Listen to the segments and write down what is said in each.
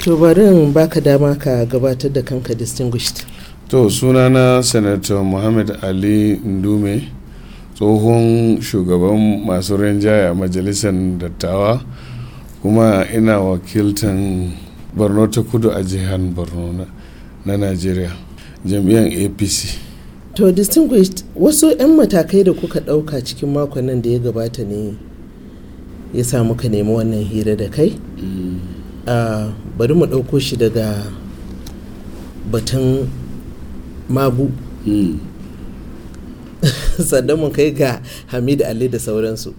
to barin baka dama ka gabatar da kanka distinguished to sunana senator muhammad ali ndume tsohon shugaban masu rinjaya majalisar dattawa kuma ina wakiltan borno ta kudu a jihar borno na nigeria jam'iyyar apc to distinguished wasu 'yan matakai da kuka ɗauka cikin makonnin da ya gabata ne ya sa muka nemi wannan hira da kai mm. ah, bari mu ɗauko shi daga batun magu hmm. sannan mu kai ga hamid ali da sauransu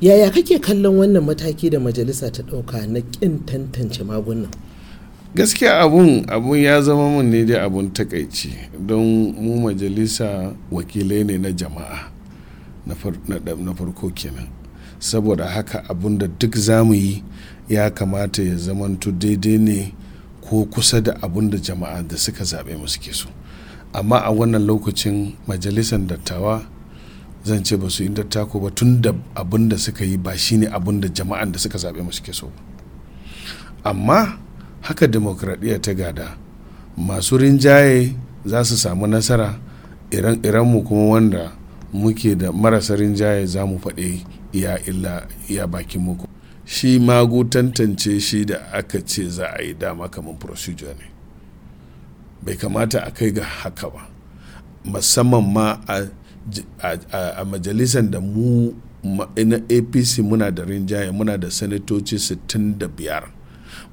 yaya kake kallon wannan mataki da majalisa ta ɗauka na ƙin tantance magunan gaskiya abun abun ya zama mun ne dai abun takaici don mu majalisa wakilai ne na jama'a na farko kenan saboda haka abun da duk zamu yi ya kamata ya zamanto daidai ne ko kusa da abun da jama'a da suka zaɓe mu suke so amma a wannan lokacin majalisar dattawa zan ce ba su yi dattako ba tun da abin da suka yi ba shine abin da jama'an da suka zaɓe mu suke so amma haka demokradiyya ta gada masu rinjaye za su samu nasara iran mu kuma wanda muke da marasa rinjaye za mu faɗi ya illa ya baki muku shi magu tantance shi da aka ce za a yi dama kamar procedure ne bai kamata a kai ga haka ba musamman ma a majalisar da mu na apc muna da rinjaye muna da sanatoci 65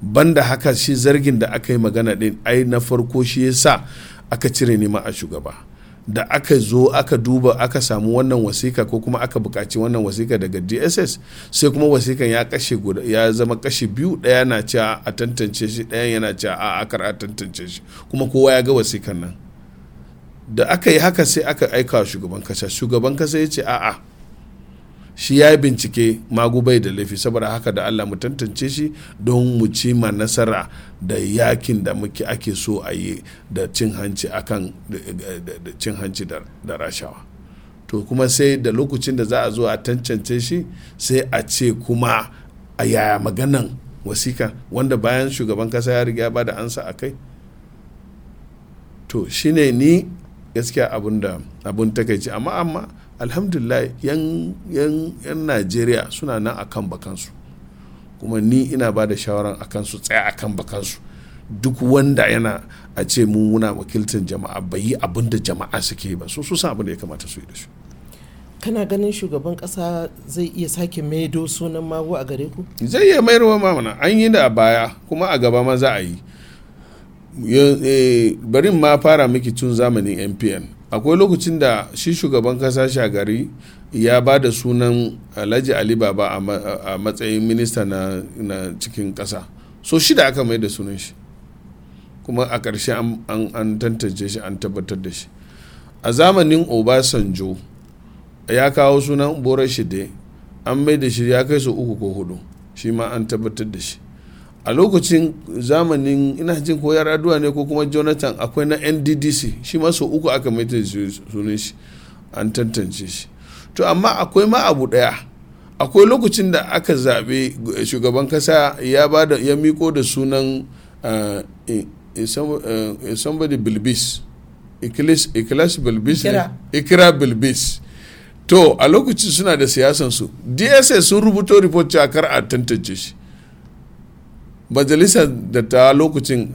banda haka shi zargin da aka yi magana din ai na farko shi ya sa aka cire ni a shugaba da aka zo aka duba aka samu wannan wasika ko kuma aka buƙaci wannan wasika daga dss sai kuma wasikan ya kashe ya zama kashe biyu ɗaya na cewa a tantance shi ɗayan yana cewa a akar a tantance shi kuma kowa ya ga wasikan nan da aka yi haka sai aka aika wa shugaban kasa shugaban kasa ya ce a'a shi ya yi bincike magubai da laifi saboda haka da allah mu tantance shi don mu ci ma nasara da yakin da muke ake so a yi da cin hanci akan da cin hanci da rashawa to kuma sai da lokacin da za a zo a tantance shi sai a ce kuma a yaya maganan wasika wanda bayan shugaban kasa ya riga ba da ansa a kai to shine ni gaskiya abun da abun takaici amma amma alhamdulillah yan, yan, yan najeriya suna nan akan bakansu kuma ni ina ba da shawaran akan su tsaya akan bakansu duk wanda yana a ce mun muna wakiltar jama'a bai yi abin da jama'a suke ba so su san abin da ya kamata su yi da su kana ganin shugaban kasa zai iya sake maido sunan mago a gare ku zai iya mayarwa mamana an yi da a baya kuma a gaba ma za a yi eh, barin ma fara miki tun zamanin mpn akwai lokacin da shi shugaban kasa shagari ya ba da sunan alhaji ali baba a matsayin minista na, cikin kasa so shida aka mai da sunan shi kuma a ƙarshe an tantance shi an tabbatar da shi a zamanin obasanjo ya kawo sunan borashide an mai da shi ya kai su uku ko hudu shi ma an tabbatar da shi a lokacin zamanin ina jin ko yar raduwa ne ko kuma jonathan akwai na nddc shi ma sau uku aka mai sunan shi an tantance shi to amma akwai ma abu daya akwai lokacin da aka zaɓe shugaban kasa ya ba da ya miko da sunan eh, eh, eh, somebody bilbis ikilas bilbis ikira bilbis to a lokacin suna da siyasansu dss sun rubuto report cewa kar a tantance shi majalisa da ta eh, lokacin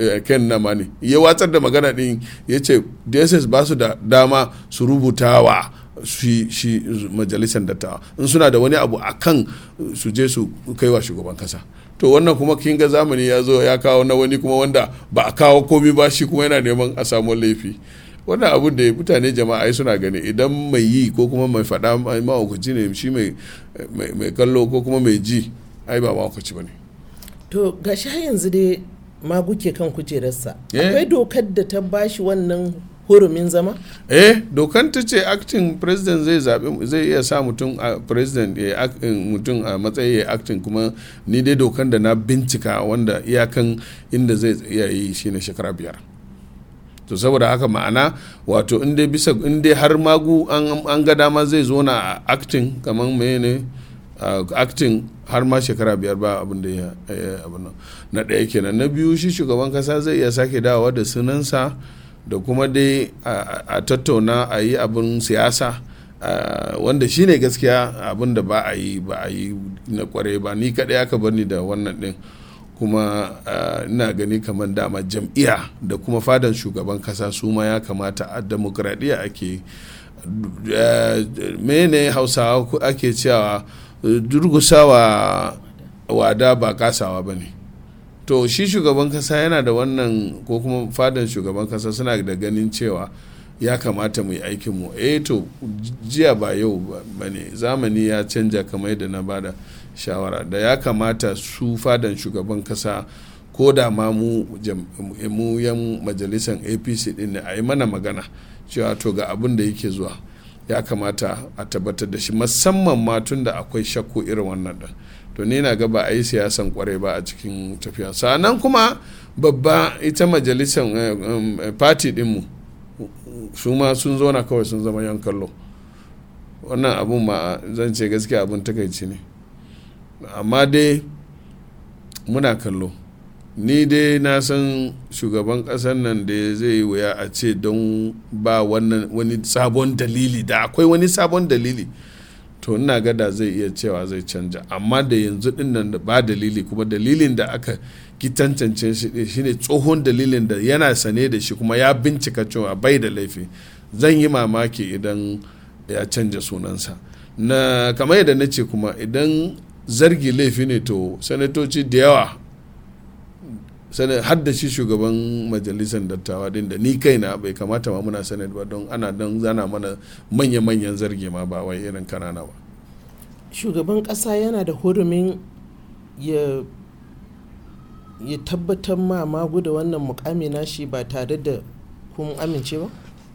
eh, ken na mani ya watsar da magana din ya ce dss ba su da dama su rubuta wa shi majalisar dattawa in suna da wani abu akan eh, su je su kaiwa shugaban kasa to wannan kuma kin ga zamani ya zo ya kawo na wani kuma wanda ba a kawo komi ba shi kuma yana neman a samu laifi wannan abun da mutane jama'a suna gani idan mai yi ko kuma mai faɗa ma'aukaci ne shi mai kallo ko kuma mai ji ai ba mahaukaci ba ne to ga shi yanzu dai ma ke kan kujerarsa eh. akwai dokar da ta bashi wannan hurumin zama eh dokan ta ce acting president zai zai iya sa mutum a president ya eh, eh, mutum a matsayi ya acting kuma ni dai dokan da na bincika wanda iyakan inda zai iya yi shine shekara biyar to saboda haka ma'ana wato in bisa in har magu an ga dama zai zo na acting kamar mene ne acting har ma shekara biyar ba abin da ya abin na ɗaya kenan na biyu shi shugaban kasa zai iya sake dawowa da sunansa da kuma dai a tattauna a yi abin siyasa wanda shi ne gaskiya abin da ba a yi ba a yi na kwarai ba ni kaɗai aka bar ni da wannan ɗin kuma ina gani kamar dama jam'iyya da kuma fadan shugaban kasa su ma ya kamata a demokradiyya ake mene hausawa ake cewa wa wada ba kasawa ba ne to shi shugaban kasa yana da wannan ko kuma fadan shugaban kasa suna da ganin cewa ya kamata mu yi aikinmu eh to jiya ba yau ba ne zamani ya canja kamar yadda na bada shawara da ya kamata su fadan shugaban kasa ko da ma mu yan majalisar apc din ne a yi mana magana cewa to ga abin da yake zuwa ya kamata a tabbatar da shi musamman ma tun da akwai shakku irin wannan da to ni na ga ba a yi siyasan kwarai ba a cikin tafiya sannan kuma babba ita majalisar eh, um, eh, fati dinmu su ma sun zo na kawai sun zama yan kallo wannan abun ma zan ce gaskiya abun takaici ne amma dai muna kallo ni dai na san shugaban ƙasar nan da zai wuya a ce don ba wannan wani sabon dalili da akwai wani sabon dalili to ina gada zai iya cewa zai canja amma da yanzu din nan da ba dalili kuma dalilin da aka ki tantance shi shine tsohon dalilin da yana sane da shi kuma ya bincika cewa bai da laifi zan yi mamaki idan ya canja sunansa na kamar yadda na ce kuma idan zargi laifi ne to sanatoci da yawa sanar har da shi shugaban majalisar dattawa din da ni kai na bai kamata ma muna sanar ba don ana don zana mana manya-manyan zarge ma ba wai irin kanana ba shugaban kasa yana da hurumin ya tabbatar ma magu da wannan mukami nashi ba tare da kun amince ba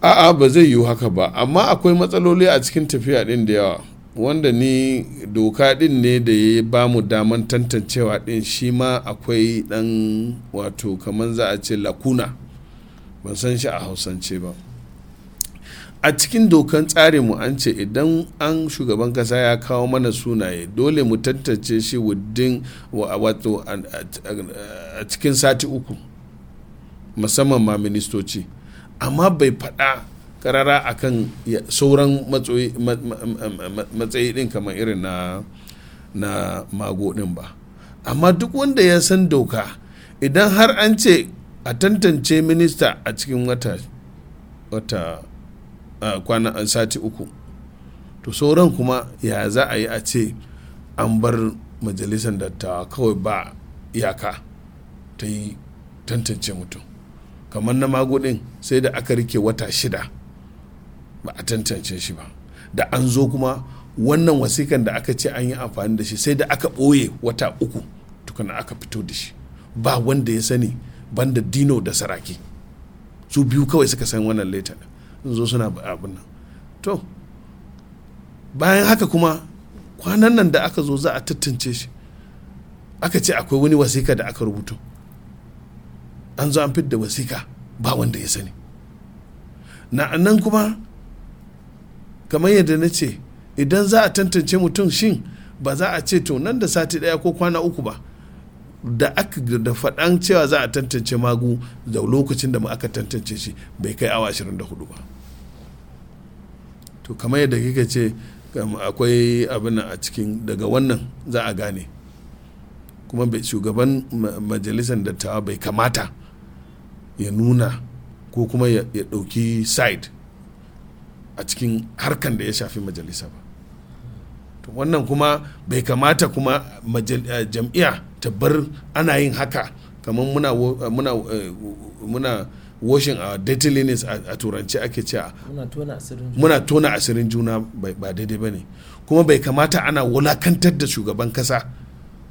a'a ba zai yiwu haka ba amma akwai matsaloli a cikin tafiya din da yawa wanda ni doka din ne da ya ba mu daman tantancewa din shi ma akwai dan wato kamar za a ce lakuna ban san shi a hausance ba a cikin dokan tsarinmu an ce idan an shugaban kasa ya kawo mana sunaye dole mu tantance shi wuddin wato a cikin sati uku musamman ma ministoci amma bai faɗa karara a kan sauran matsayi din kamar irin na mago din ba amma duk wanda ya san doka idan har an ce a tantance minista a cikin wata wata kwana sati uku to sauran kuma ya za a yi a ce an bar majalisar dattawa kawai ba iyaka ta yi tantance mutum kamar na mago sai da aka rike wata shida ba a tantance shi ba da an zo kuma wannan wasikan da aka ce an yi amfani da shi sai da aka ɓoye wata uku tukuna aka fito da shi ba wanda ya sani banda dino da saraki su biyu kawai suka san wannan leta in zo suna abin nan to bayan haka kuma kwanan nan da aka zo za a tattance shi aka ce akwai wani wasika da aka rubuto an zo an fidda wasika ba wanda ya sani na nan kuma kamar yadda na ce idan za a tantance mutum shin ba za a ce to nan da sati daya ko kwana uku ba da aka da faɗan cewa za a tantance magu da lokacin da aka tantance shi bai kai awa 24 ba to kamar yadda kika ce akwai abin a cikin daga wannan za a gane kuma shugaban majalisar dattawa bai kamata ya nuna ko kuma ya ɗauki side a cikin harkan da ya shafi majalisa ba to wannan kuma bai kamata kuma eh, jam'iyya ta bar ana yin haka kamar muna eh, muna eh, a dirty linens a turanci ake cewa muna tona asirin juna ba daidai ba ne kuma bai kamata ana wulakantar da shugaban kasa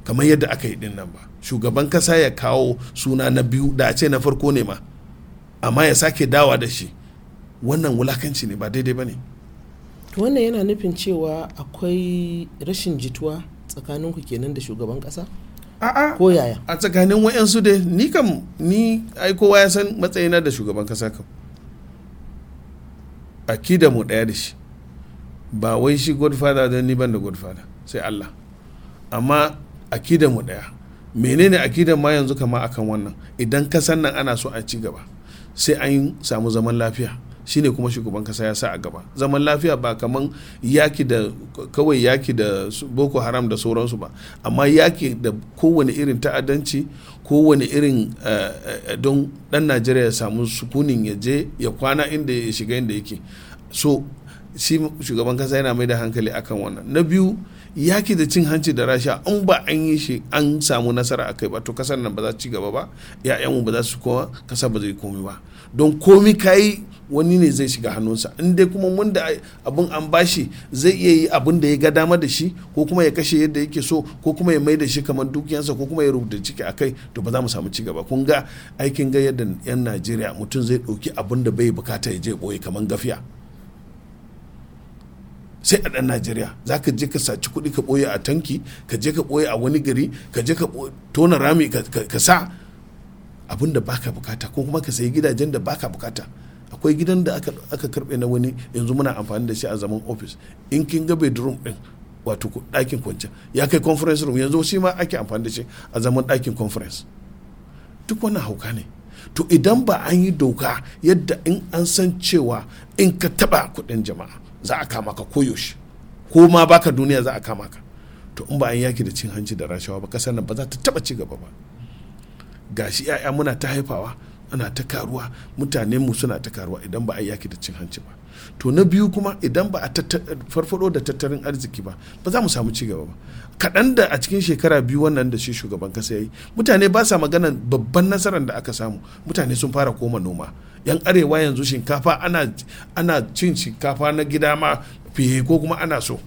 kamar yadda aka yi din nan ba shugaban kasa ya kawo suna na biyu da a ce na farko ne ma amma ya sake dawa da shi wannan wulakanci ne ba daidai ba ne wannan yana nufin cewa akwai rashin jituwa tsakaninku kenan da shugaban kasa a'a ko yaya a tsakanin wayansu dai ni kam ni ai kowa ya san matsayina da shugaban kasa kam akida mu daya da shi ba wai shi godfather don ni ban da godfather sai Allah amma akida mu daya menene akidan ma yanzu kama akan wannan idan kasan nan ana so a ci gaba sai an samu zaman lafiya shine kuma shugaban kasa ya sa a gaba zaman lafiya ba kaman yaki da kawai yaki da boko haram da sauransu ba amma yaki da kowane irin ta'addanci kowane irin eh, eh, don dan najeriya ya samu sukunin ya je ya kwana inda ya shiga inda yake so shi shugaban kasa yana mai da hankali akan wannan na biyu yaki da cin hanci da rasha an ba an yi shi an samu nasara a kai ba to kasar nan ba za ci gaba ba ya'yanmu ba za su kowa kasa ba zai komi ba don komi kayi wani ne zai shiga hannunsa in dai kuma mun da abin an bashi zai iya yi abin da ya ga dama da shi ko kuma ya kashe yadda yake so ko kuma ya mai da shi kamar dukiyansa ko kuma ya rubuta ciki a kai to ba za mu samu cigaba kun ga aikin ga yadda yan najeriya mutum zai ɗauki abin da bai bukata ya je ɓoye kamar gafiya sai a dan najeriya za ka je ka saci kuɗi ka ɓoye a tanki ka je ka ɓoye a wani gari ka je ka tona rami ka sa abin da baka bukata ko kuma ka sayi gidajen da baka bukata akwai gidan da aka karbe na wani yanzu muna amfani da shi a zaman ofis in kin ga bedroom din wato ɗakin kwanciya ya kai conference room yanzu shi ma ake amfani da shi a zaman ɗakin conference duk wannan hauka ne to idan ba an yi doka yadda in an san cewa in ka taɓa kuɗin jama'a za a kama ka koyaushe ko ma baka duniya za a kama ka to in ba an yaki da cin hanci da rashawa ba kasar nan ba za ta taba ci gaba ba gashi 'ya'ya muna ta haifawa ana ta karuwa mutanen mu suna ta karuwa idan ba a yaki da cin hanci ba to na biyu kuma idan ba a farfado da tattalin arziki ba ba za mu samu ci gaba ba kaɗan da a cikin shekara biyu wannan da shi shugaban kasa ya yi mutane ba sa magana babban nasarar da aka samu mutane sun fara koma noma yan arewa yanzu shinkafa ana cin shinkafa na gida ma fiye ko kuma ana so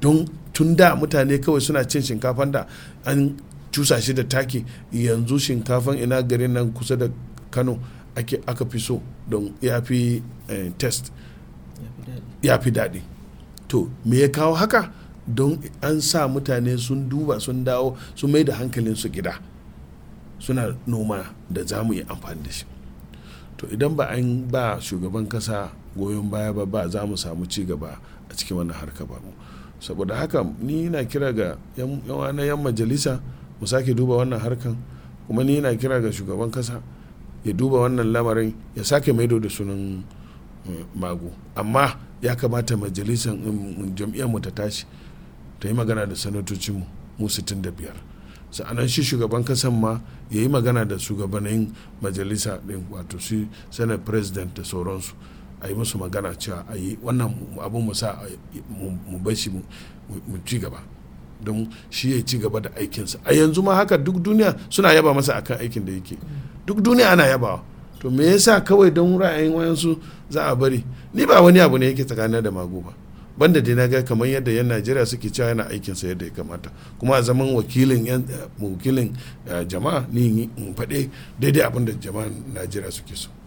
don tun da mutane kawai suna cin shinkafan da an cusa shi da taki yanzu shinkafan ina garin nan kusa da kano aka fi so don ya fi eh, test ya fi daɗi to me ya kawo haka don an sa mutane sun duba sun dawo sun mai da su gida suna noma da za mu yi amfani da shi to idan ba an ba shugaban kasa goyon baya ba ba za mu samu ci gaba a cikin wannan harka ba saboda haka ni na kira ga yan majalisa mu sake duba wannan harkan kuma ni na kira ga shugaban kasa ya duba wannan lamarin ya sake maido da sunan eh, mago amma ya kamata majalisar mm, mu ta tashi ta yi magana da sanatocin mu 65 sa'anan shi shugaban kasan ma ya yi magana da shugabannin majalisa ɗin wato su senate president da sauransu a yi musu magana cewa a yi wannan abin mu sa mu bashi mu ci gaba don shi ya ci gaba da aikinsa a yanzu ma haka duk duniya suna yaba masa akan aikin da yake duk duniya ana yabawa to me yasa kawai don ra'ayin wayansu za a bari ni ba wani abu ne yake tsakanin da mago ba banda dai na ga kamar yadda yan najeriya suke cewa yana aikin sa yadda ya kamata kuma a zaman wakilin yan wakilin eh, jama'a ni in faɗe daidai abin da jama'an najeriya suke so